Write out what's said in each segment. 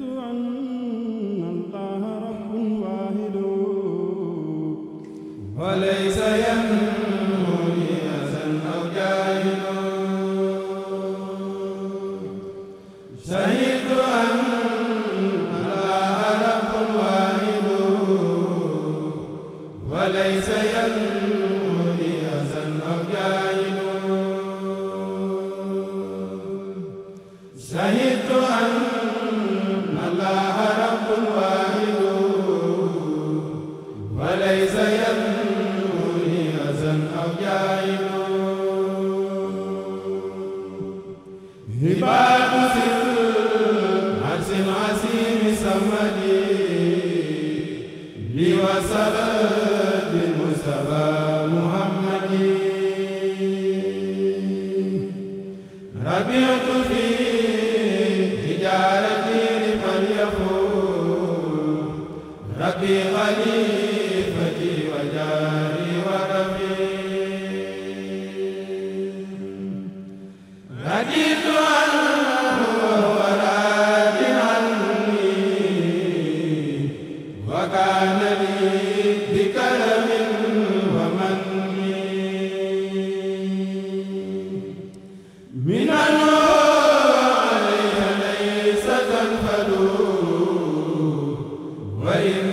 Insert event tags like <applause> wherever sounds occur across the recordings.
عن hibaatu sirr asim asimi samadi yaa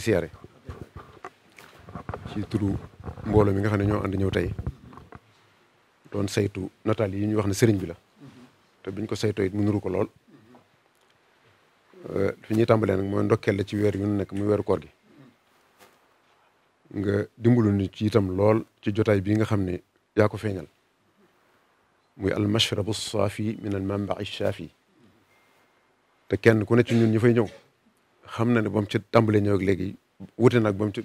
siyaare ci turu mbooloo mi nga xam ne ñoo ànd ñëw tey doon saytu nataal yi ñu wax ne sëriñ bi la te buñ ko saytoo it mu nuru ko lool euh, fi ñuy tàmbalee nag mooy ndokkeel la ci weer yu nekk muy weeru koor gi nga dimbalu ni ci itam lool ci jotaay bii nga xam ne yaa ko feeñal muy al mashrabu saafi min al manbai te kenn ku ne ci ñun ñi fay ñëw xam na ne ba mu ci tàmbalee ñëw ak léegi wute nag ba mu ci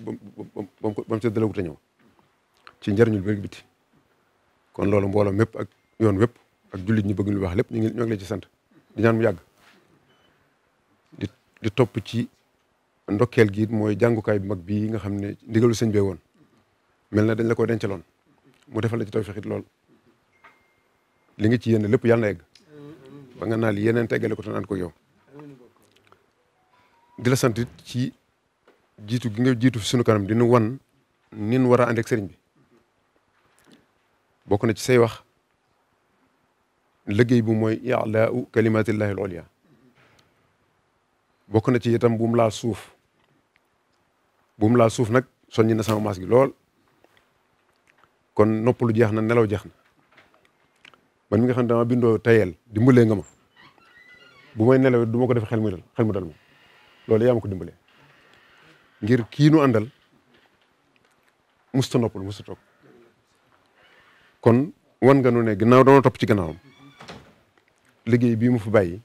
ba mu ci dala wute ñëw ci njëriñul bi biti kon loolu mbooloo mépp ak yoon wépp ak jullit ñu bëgg lu wax lépp ñu ngi ñoo ngi ci sant di ñaan mu yàgg di topp ci ndokkeel giit mooy jàngukaay bu mag bii nga xam ne ndigalu sëñ bee woon mel na dañ la ko dencaloon mu defal la ci tawfeex it lool li nga ci yéene lépp yàlla na yegg ba nga naan yeneen teggale ko te naan ko yow di la sant ci jiitu gi nga jiitu fi sunu kanam di nu wan nin war a ànd bi bokk na ci say wax liggéey bu mooy i'laa'u kalimatillahi al-ulya bokk na ci itam bu laal suuf bu mu suuf nag soññi na sama maas lool kon noppalu jeex na nelaw jeex na man mi nga xam ne dama bindoo tayel dimbalee nga ma bu may du ma ko def xel mu dal xel loolu yaa ko dimbale ngir kiinu nu àndal musta noppal musta toog kon wan nga nu ne ginnaaw doona topp ci gannaawam liggéey bii mu fi bàyyi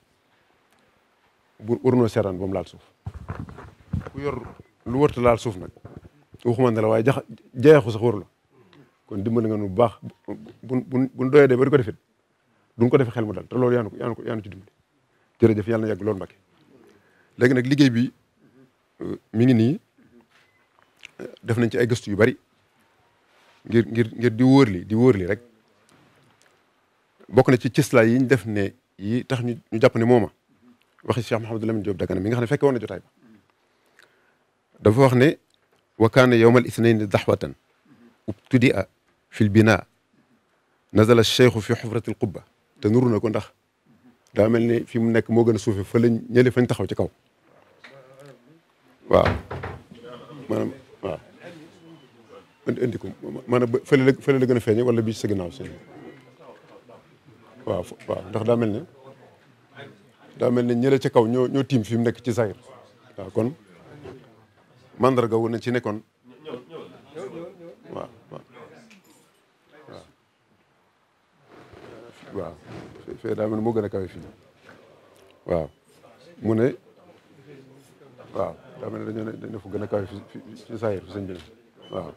bu urnoo seeraan ba mu laal suuf ku yor lu wërta laal suuf nag waxuma ne la waaye jax jayaxu sax waru la kon dimbali nga nu bu baax bun bu bu doyee de ba di ko ko defe xel mu dal te loolu yaa nu ko yaa nu ko yaa nu ci dimbali jërëjëf yàlla na yàgg loolu Mbacke léegi nag liggéey bi euh, mi ngi nii def nañ ci ay gëstu yu bari ngir ngir ngir di wóor li di wóor li rek bokk na ci cëslaay yi ñu def ne yi tax ñu ñu jàpp ne mooma waxi Cheikh Mouhamadou Lamine Diop Dagana mi nga xam ne fekke woon na jotaay ba dafa wax ne wa kaana yowmal isnayn daxwatan ubtudia fi lbina nazala cheikhu fi xufrati lqubba te nuru na ko ndax daa mel ni fi mu nekk moo gën a suufe fa lañ fañ taxaw ci kaw waaw maanaam waaw indi ko maanaam fële la fële la feeñe wala bii ci sa waaw ndax daa mel ne daa mel ne ñële ca kaw ñoo ñoo tiim fi mu nekk ci saayir waaw kon mandarga wu na ci nekkoon waaw waaw fee daa mel ne moo gën a kawe fii waaw mu ne waaw daa mel ne dañoo ne dafa gën a kawe fi fi saayir fi sëñ bi waaw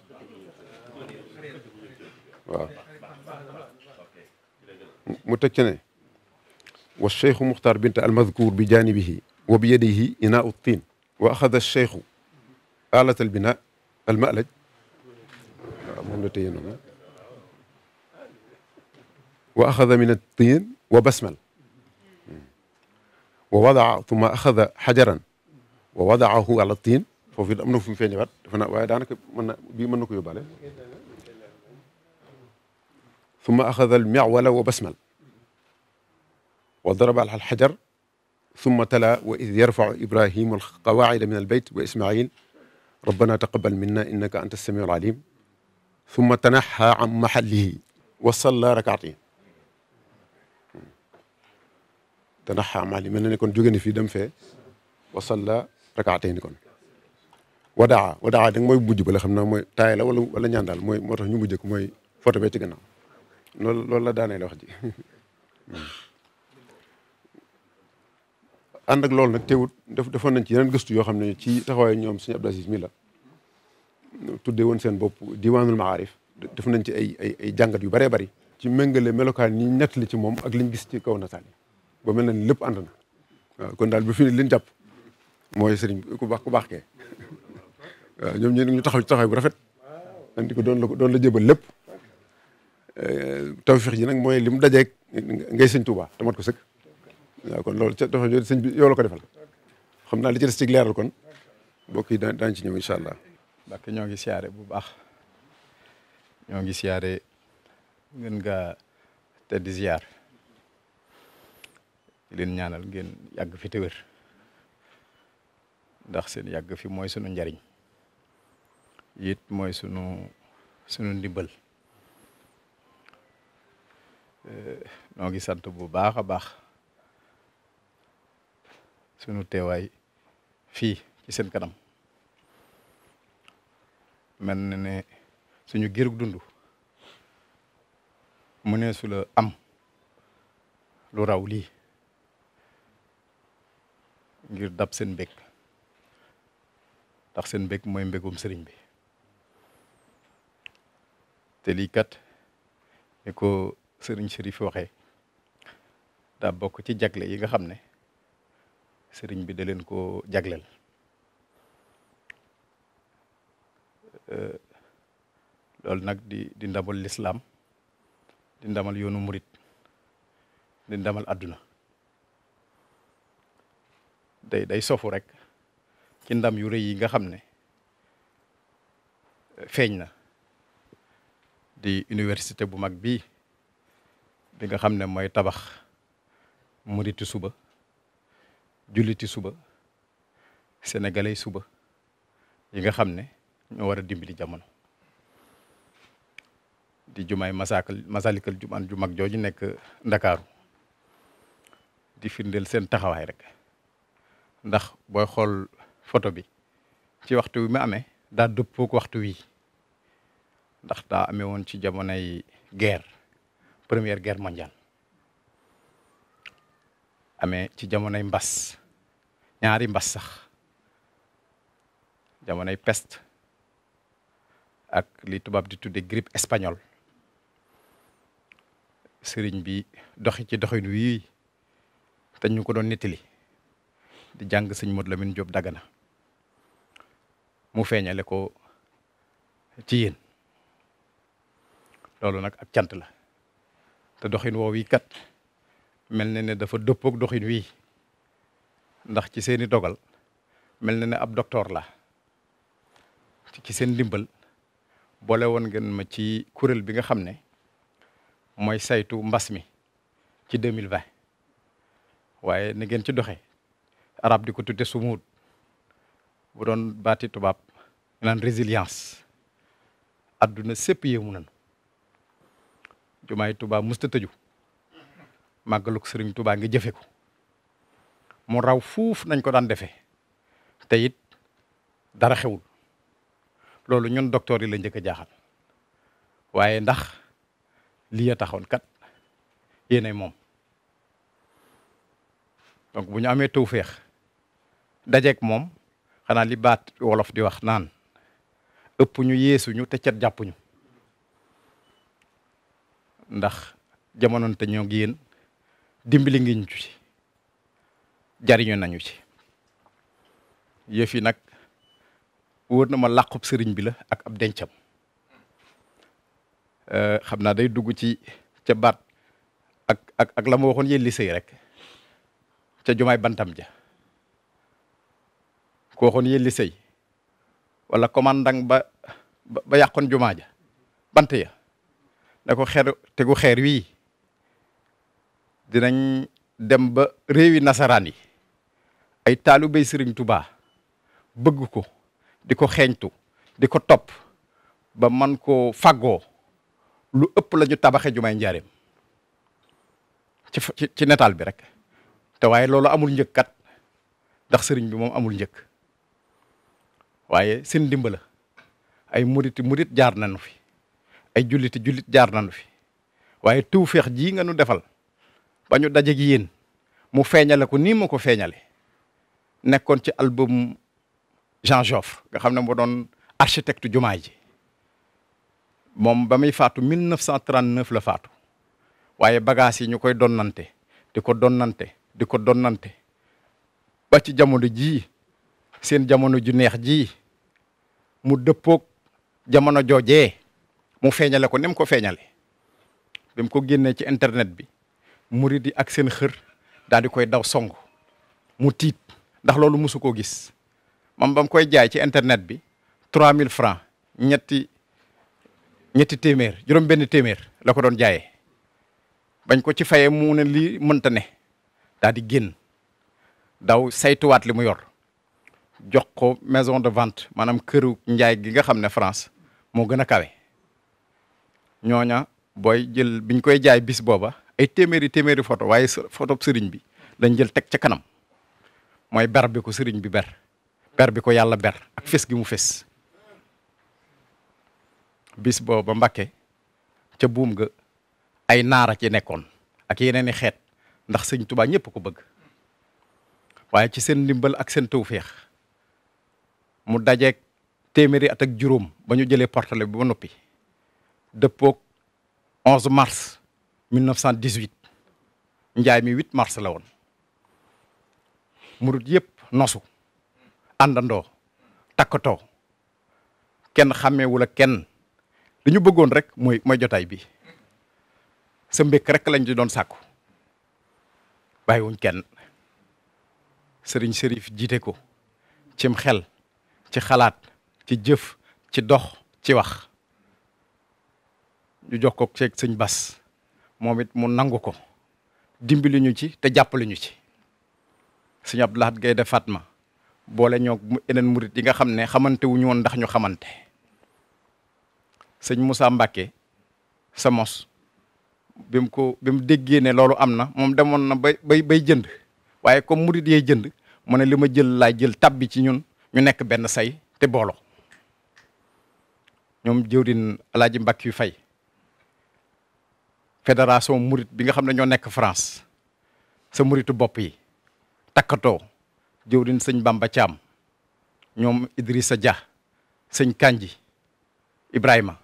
waaw mu teg ci ne wa cheikhu muxtaar bint almadkour bi janibihi wa bi yadihi inaa u tiin wa axada cheikhu alat albina almalaj waaw moom la téye noonu wa axada min attiin wa basmal hmm. wa wadaa tuma axada xajaran wa wadaahu ala tiin foofu it am na fu mu feeñewaat dafa na waaye daanaka mën na bii mën na ko yóbbaale summa axada al miwala wa basmal wa daraba ala al xajar summa tala wa id yarfacu ibrahimu alqawaacida min albeyt wa ismail rabbana taqabal minna innaka anta samiu alalim summa tanaxa an maxallihi wa salla rakaatain tanaxa an maxallihi mel na ne kon jóge na fii dem fee wa salla rakaatayni kon wadaa wadaa da mooy mujj ba la xam naa mooy taay la wala wala ñaan daal mooy moo tax ñu mujj ko mooy foto bee ci gannaaw loolu loolu la daanee la wax ji <laughs> ak loolu nag teewut def defoon nañ ci yeneen gëstu yoo xam ne ci taxawaayu ñoom si Abdou Aziz mi la tuddee woon seen bopp diwaanul maarif def nañ ci ay ay ay jàngat yu bare bari ci méngale melokaan yi ñett li ci moom ak liñ gis ci kaw nataal yi mel na ni lépp ànd na kon daal bu fi liñ jàpp mooy sëriñ ku baax ku baax kee waaw ñoom ñu taxaw ci bu rafet andi ko doon la doon la taw lépp tawfeex ji nag mooy li mu dajeeg ngay sëñ Touba tamat ko sëkk waaw kon loolu ca taxaw sëñ bi yow la ko defal xam naa li ci des ci leeral kon mbokk yi daañ ci ñëw incha allah mbàkk ñoo ngi siyaare bu baax ñoo ngi siyaare ngeen nga te di siyaar leen ñaanal ngeen yàgg fi te ndax seen yàgg fi mooy sunu njariñ it mooy sunu sunu ndimbal eh, noo ngi sant bu baax a baax sunu teewaay fii ci seen kanam mel na ne suñu girug dund mu ne su am lu raw lii ngir dab seen mbékk ndax seen mbég mooy mbégum sëriñ bi te lii kat ni ko sëriñ Chérif waxee daa bokk ci jagle yi nga xam ne sëriñ bi da leen koo jagleel loolu nag di di ndamal lislaam di ndamal yoonu murit di ndamal àdduna day day sofu rek ci ndam yu yi nga xam ne feeñ na di université bu mag bii bi nga xam ne mooy tabax muriti suba julliti suba sénégalais suba yi nga xam ne ñoo war a dimbali jamono di jumay masakal masalikal jumaan ju mag jooju nekk ndakaaru di firndeel seen taxawaay rek ndax booy xool photo bi ci waxtu wi mu ame daa dëppook waxtu wi ndax daa amee woon ci jamonoy guerre première guerre mondiale ame ci jamonoy mbas ñaari mbas sax jamonoy peste ak li tubaab di tudde grippe espagnole sëriñ bi doxi ci doxin wii te ñu ko doon nettali di jàng sëñ Modou Lamine Diop Dagana mu feeñale ko ci yéen loolu nag ak cant la te doxin woo wii kat mel na ne dafa dëppook doxin wii ndax ci seeni dogal mel na ne ab docteur la ci seen ndimbal boole woon ngeen ma ci kuréel bi nga xam ne mooy saytu mbas mi ci 2020 waaye na ngeen ci doxe arab di ko tudde sumuud bu doon baati tubaab ñu naan résilience adduna sépp yéemu nañu jumaay tubaab musta tëju màggaluk sëriñ tubaa ngi jëfe ko mu raw fuuf nañ ko daan defee te it dara xewul loolu ñun docteur yi la njëkk a jaaxal waaye ndax li ya taxoon kat yéenay moom donc bu ñu amee tawféex dajeeg moom xanaa li baat wolof di wax naan ëpp ñu yeesuñu te cet jàppuñu ndax jamono te ñoo ngi yéen dimbali ngi ñu ci jariñu nañu ci yëf yi nag wóor na ma làqub sëriñ bi la ak ab dencam xam naa day dugg ci ca baat ak ak ak la ma waxoon yéen liseey rek ca jumaay bantam ja ko waxoon yelli sëy wala commandant ba ba yàqoon jumaa ja ya da ko xeer tegu xeer wii dinañ dem ba réewi nasaraan yi ay taalibey Sëriñ Tuubaa bëgg ko di ko xeeñtu di ko topp ba man koo faggoo lu ëpp la tabaxe jumaay njaareem ci ci netaal bi rek te waaye loolu amul njëkkat ndax sëriñ bi moom amul njëkk waaye seen dimbala ay murit murit jaar nañu fi ay julliti jullit jaar nañu fi waaye tawfeex ji nga nu defal ba ñu dajeeg yéen mu feeñale ko nii ma ko feeñale nekkoon ci album Jean Joffre nga xam ne moo doon architecte jumaa ji moom ba muy faatu 1939 la faatu waaye bagages yi ñu koy donnante di ko donnante di ko donnante ba ci jamono jii seen jamono ju neex ji mu dëppook jamono joojee mu feeñale ko nim ko feeñale bi mu ko génnee ci internet bi murid di ak seen xër daal di koy daw song mu tiit ndax loolu mosu koo gis mam bam koy jaay ci internet bi 3000 francs ñetti ñetti téeméer juróom benn téeméer la ko doon jaaye bañ ko ci fayee mu ne lii mënta ne daal di génn daw saytuwaat li mu yor jox ko maison de vente maanaam këru njaay gi nga xam ne France moo gën a kawe ñooña booy jël biñ koy jaay bis booba ay téeméeri téeméeri photo waaye photo sëriñ bi dañ jël teg ca kanam mooy ber ko sëriñ bi ber ber bi ko yàlla ber ak fes gi mu fes bis booba mbake ca buum ga ay naara ci nekkoon ak yeneen i xeet ndax sëñ Tuubaa ñëpp ko bëgg waaye ci seen ndimbal ak seen tawféex mu dajeeg téeméeri at ak juróom ba ñu jëlee portale bi ba noppi dëppoog 11 mars 1918 njaay mi 8 mars la woon murit yëpp nosu àndandoo takkatoo kenn xàmmee wala kenn li ñu bëggoon rek mooy mooy jotaay bi sa mbékk rekk lañ di doon sàkku bàyyiwuñ kenn sëriñ sërif jiite ko cim xel ci xalaat ci jëf ci dox ci wax ñu jox ko ceeg sëñ bas moom it mu nangu ko dimbali ci te jàppale ñu ci sëñ ab Abdoul Ahad Gaynde ma boole ñoo eneen murit yi nga xam ne xamante woon ndax ñu xamante sëñ Moussa Mbacke sa mos bi mu ko bi mu déggee ne loolu am na moom demoon na bay bay bay jënd waaye comme murit yee jënd mu ne li ma jël laa jël tabbi ci ñun ñu nekk benn say te booloo ñoom jëwdin alaaji mbàkk yu fay fédération murit bi nga xam ne ñoo nekk France sa muritu bopp yi takkatoo jëwrin sëñ Bamba Thiam ñoom Idrissa Dia sëñ Kanji Ibrahima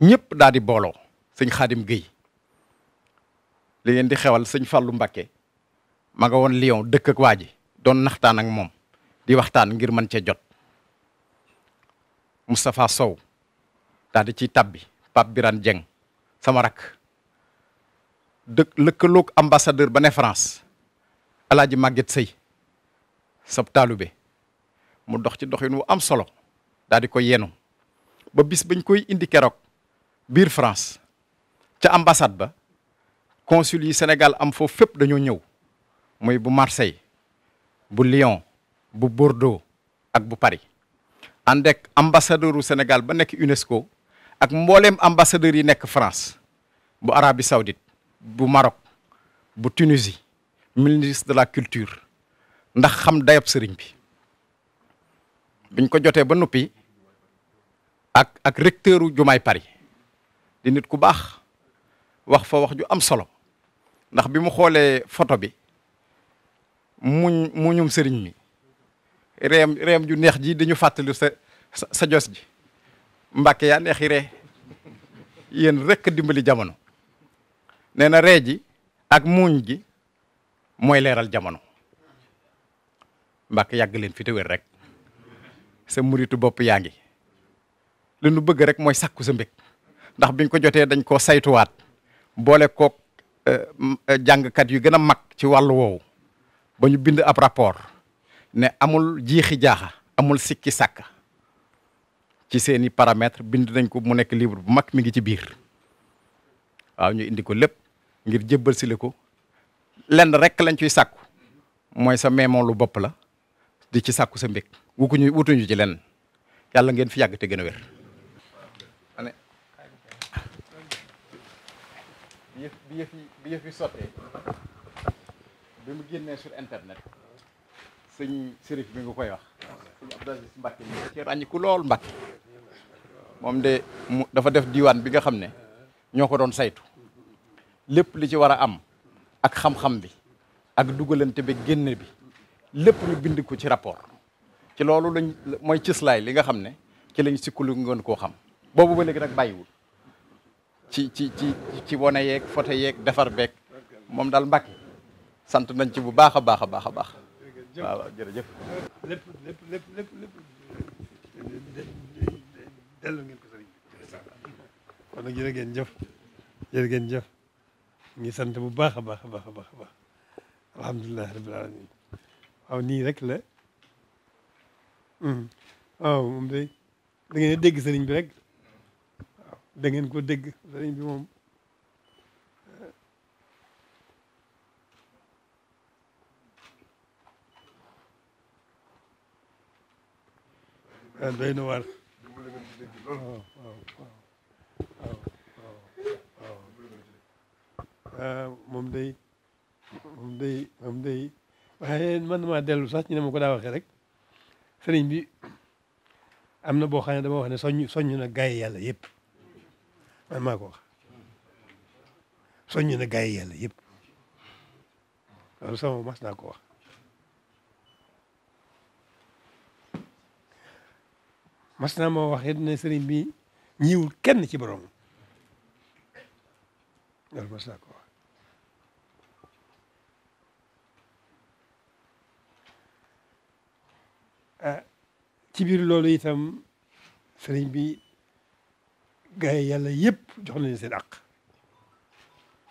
ñëpp daal di booloo sëñ Xaadim Guèye li ngeen di xewal sëñ Fallou Mbakke ma woon Lyon dëkk ak waa ji doon naxtaan ak moom di waxtaan ngir mën cee jot Moustapha Sow daal di ciy tabbi Pape Birane Dieng sama rakk dëkk lëkkaloog ambassadeur ba ne France alaaji Maguette Sey sab taalube mu dox ci doxin wu am solo daal di ko yenu ba bis bañ koy indi keroog biir France ca ambassade ba consul yi Sénégal am foofu fépp dañoo ñëw mooy bu marsey bu Lyon bu Bordeaux ak bu Paris ànd ak ambassadeur Sénégal ba nekk UNESCO ak mbooleem ambassadeur yi nekk France bu Arabie Saoudite bu marok bu Tunisie ministre de la culture ndax xam dayab sëriñ bi biñ ko jotee ba noppi ak ak recteur u jumaay Paris di nit ku baax wax fa wax ju am solo ndax bi mu xoolee photo bi mu mu muñum sëriñ mi reem reem ju neex ji dañu fàttali sa sa jos ji mbàkke yaa neexi ree yéen rekk dimbali jamono nee na ree ji ak muuñ gi mooy leeral jamono mbàkke yàgg leen fi rek sa muritu bopp yaa ngi li nu bëgg rek mooy sàkku sa mbég ndax biñ ko jotee dañ koo saytuwaat boole kook eh, eh, jàngkat yu gën a mag ci wàllu woowu ba ñu bind ab rapport ne amul jiixi jaaxa amul sikki sàkk ci seeni paramètres bind nañ ko mu nekk livre bu mag mi ngi ci biir waaw ñu indi ko lépp ngir jëbbal si la ko lenn rek lañ ciy sàkku mooy sa meemoon lu bopp la di ci sàkku sa mbég ñu wutuñu ci lenn yàlla ngeen fi yàgg te gën a wér bi mu génnee sur internet sëñ Sérif bi nga koy wax sëñ Abdou Aziz Mbacke mi ci lool Mbacke moom de mu dafa def diwaan bi nga xam ne ñoo ko doon saytu lépp li ci war a am ak xam-xam bi ak dugalante bi génn bi lépp ñu bind ko ci rapport ci loolu lañ mooy cëslaay li nga xam ne ci lañ sikkalu ngoon koo xam boobu ba léegi nag bàyyiwul ci ci ci ci wane yeeg foto yeeg defar beeg moom daal Mbacke sant nañ ci bu baax a baax a baax a baax waaw waaw jërëjëf. lépp lépp lépp lépp lépp dellu ngeen ko sëriñ bi. kon nag jërë ngeen jëf jërë ngeen ngi sant bu baax a baax a baax a baax a baax alhamdulilah rabbil alamin waaw nii rek la hmm. waaw moom day da ngeen dégg sëriñ bi rek waaw ko dégg sëriñ bi moom. Eh, doy na waar waaw waaw waaw waaw moom day moom day moom day waaye man maa dellu sax ñu ne ma ko daa waxee rek sëriñ bi am na boo xam ne dama wax ne soññ soññ na gaay yàlla yëpp man maa ko wax soññ na gaay yàlla yëpp loolu sama mas naa ko wax mas naa moo wax it ne sëriñ bi ñiiwul kenn ci borom loolu mas ah, ci biir loolu itam sëriñ bi gaay yàlla yëpp jox nañu seen àq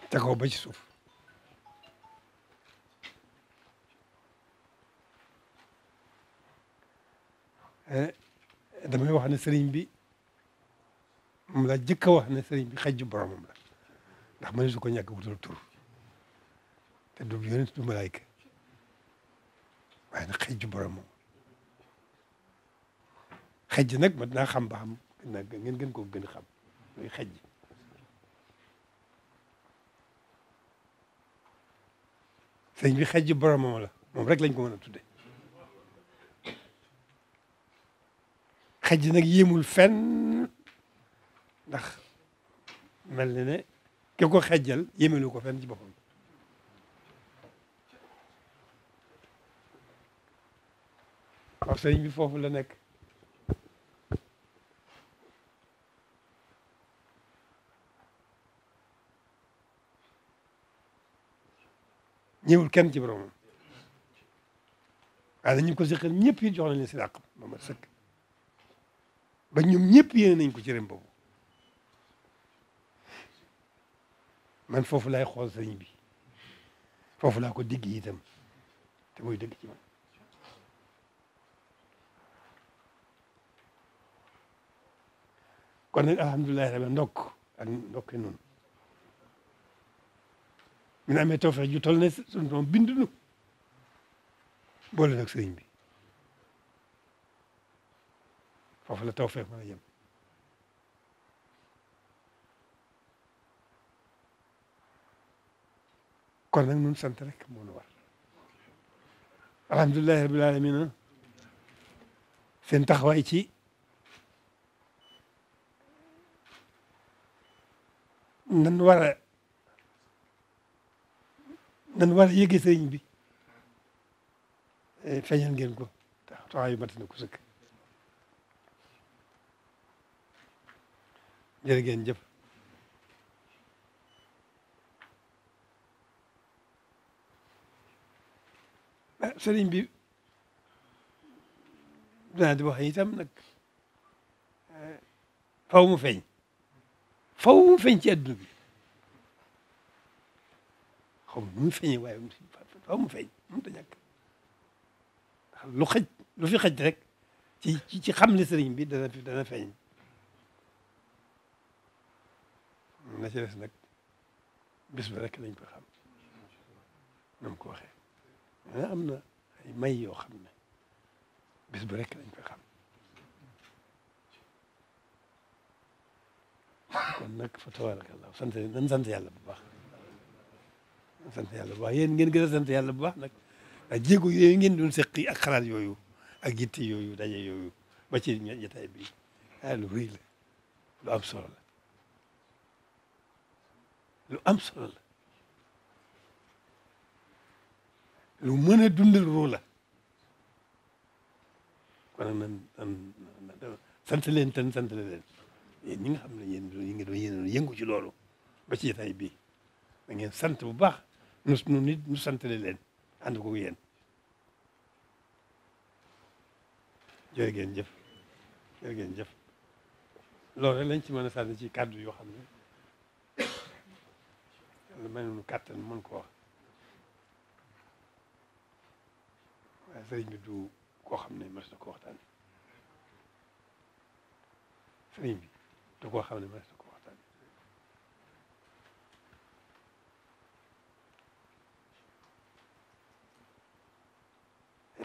te ko ba ci suuf eh damay wax ne sëriñ bi moom laa jëkk a wax ne sëriñ bi xajju boromam la ndax mëne su ko ñàkk wutal tur te du yonent du malaayka waaye nag xajju boromam xajj nag mat naa xam ba xam na ngeen gën koo gën xam luy xajj sëriñ bi xajju boromam la moom rek lañ ko mën a tudde xaj nag yéemul fenn ndax mel na ne ki ko xejjal yéemelu ko fenn ci boppam waaw sëriñ bi foofu la nekk ñëwul kenn ci boromam waaye dañu ko seqal ñëpp yi jox nañ leen si dàq ba ma sëkk ba ñoom ñëpp yéene nañ ko cëram boobu man foofu laay xool sëriñ bi foofu laa ko digg itam te mooy dëgg ci man kon nag alhamdulilahi rabbi ndokk ak ndokk noonu mi na amee tawfeex ju tol ne sunu doom bind nu boole nag sëriñ bi foofu la tawfeex mën a yem kon nag ñun sant rek moo nu war alhamdulilahi rabil alamina seen taxawaay ci nan war a nan war a yëgee sëriñ bi eh, feeñal ngeen ko taxawaay yu mat na ko jërë ngeen jëf ah, sëriñ bi dinaa di wax itam nag eh, faw mu feeñ faw mu feeñ ci adduna bi xaw ma nu mu feeñee waaye faw mu feeñ mënu ta lu xaj lu fi xaj rek ci ci xam ne sëriñ bi dana dana feeñ na ci des nag bis ba lañ ko xam na mu ko waxee mais am na ay may yoo xam ne bis ba rek lañ ko xam kon nag fa tabarakallah sant nan sant yàlla bu baax nan sant yàlla bu baax yéen ngeen gën a sant yàlla bu baax nag a jéego yooyu ngeen doon seqi ak xalaat yooyu ak yitte yooyu daje yooyu ba ci jataay bi ah lu rëy lu am solo la lu am solo la lu mën a dundal ruu la kon nan nan sant leen tan sant leen yéen ñi nga xam ne yéen ñi ngi doon yéen yëngu ci loolu ba ci jotaay bi da ngeen sant bu baax nu nu nit nu sant leen ànd ko yéen jërë ngeen jëf jërë ngeen jëf loolu rek ci mën a sànni ci kàddu yoo xam ne lu mel nu kàttan mën ko wax waaye sëriñ bi du koo xam ne mas na ko waxtaan sëriñ bi du koo xam ne mas na ko waxtaan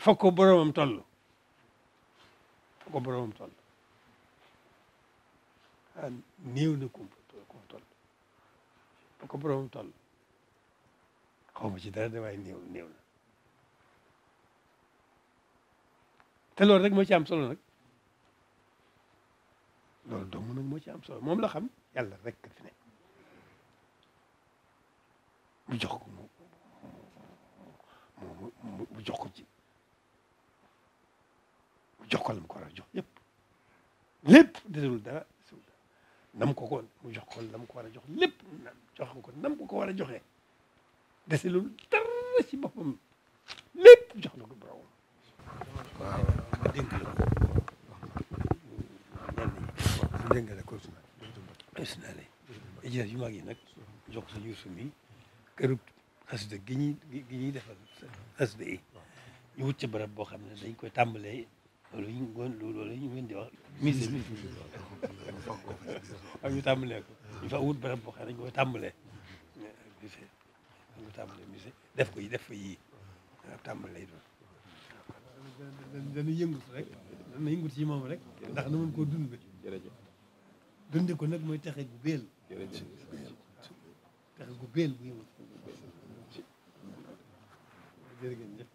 fokk ko boroomam toll fokk ko boroomam toll ah néew na kumpa ba ko boroom toll xaw ma ci dara de waaye néew néew te loolu rek moo ci am solo nag loolu dong nag moo ci am solo moom la xam yàlla rek fi ne mu jox mu mu mu jox ko ci mu jox ko la mu a jox yëpp lépp desul dara desul dara nam ko mu jox ko la mu ko war a jox lépp jox ko nam ko ko war a joxe dese loolu dara ci boppam lépp jox na ko borom waaw dénk la ko dénk la ko isnaale ijaas yu mag yi nag jox sa yuusu mi kërub xasida gi ñuy gi ñuy defal xasida yi ñu wut ca barab boo xam ne dañ koy tàmbalee loolu ñu loolu ñu ngeen di wax fokk ko fa ci biir ak ñu tàmbalee ko ñu fa wut barab boo xam ne dañ koy tàmbalee musée dañ ko tàmbalee musée def ko yi def fa yii ab tàmbale lay doon dana yëngut rek dana yëngut ci moom rek ndax na mën koo dunde jërëjëf dunde ko nag mooy texe gu béel jërëjëf texe gu béel bu yëngut jërëjëf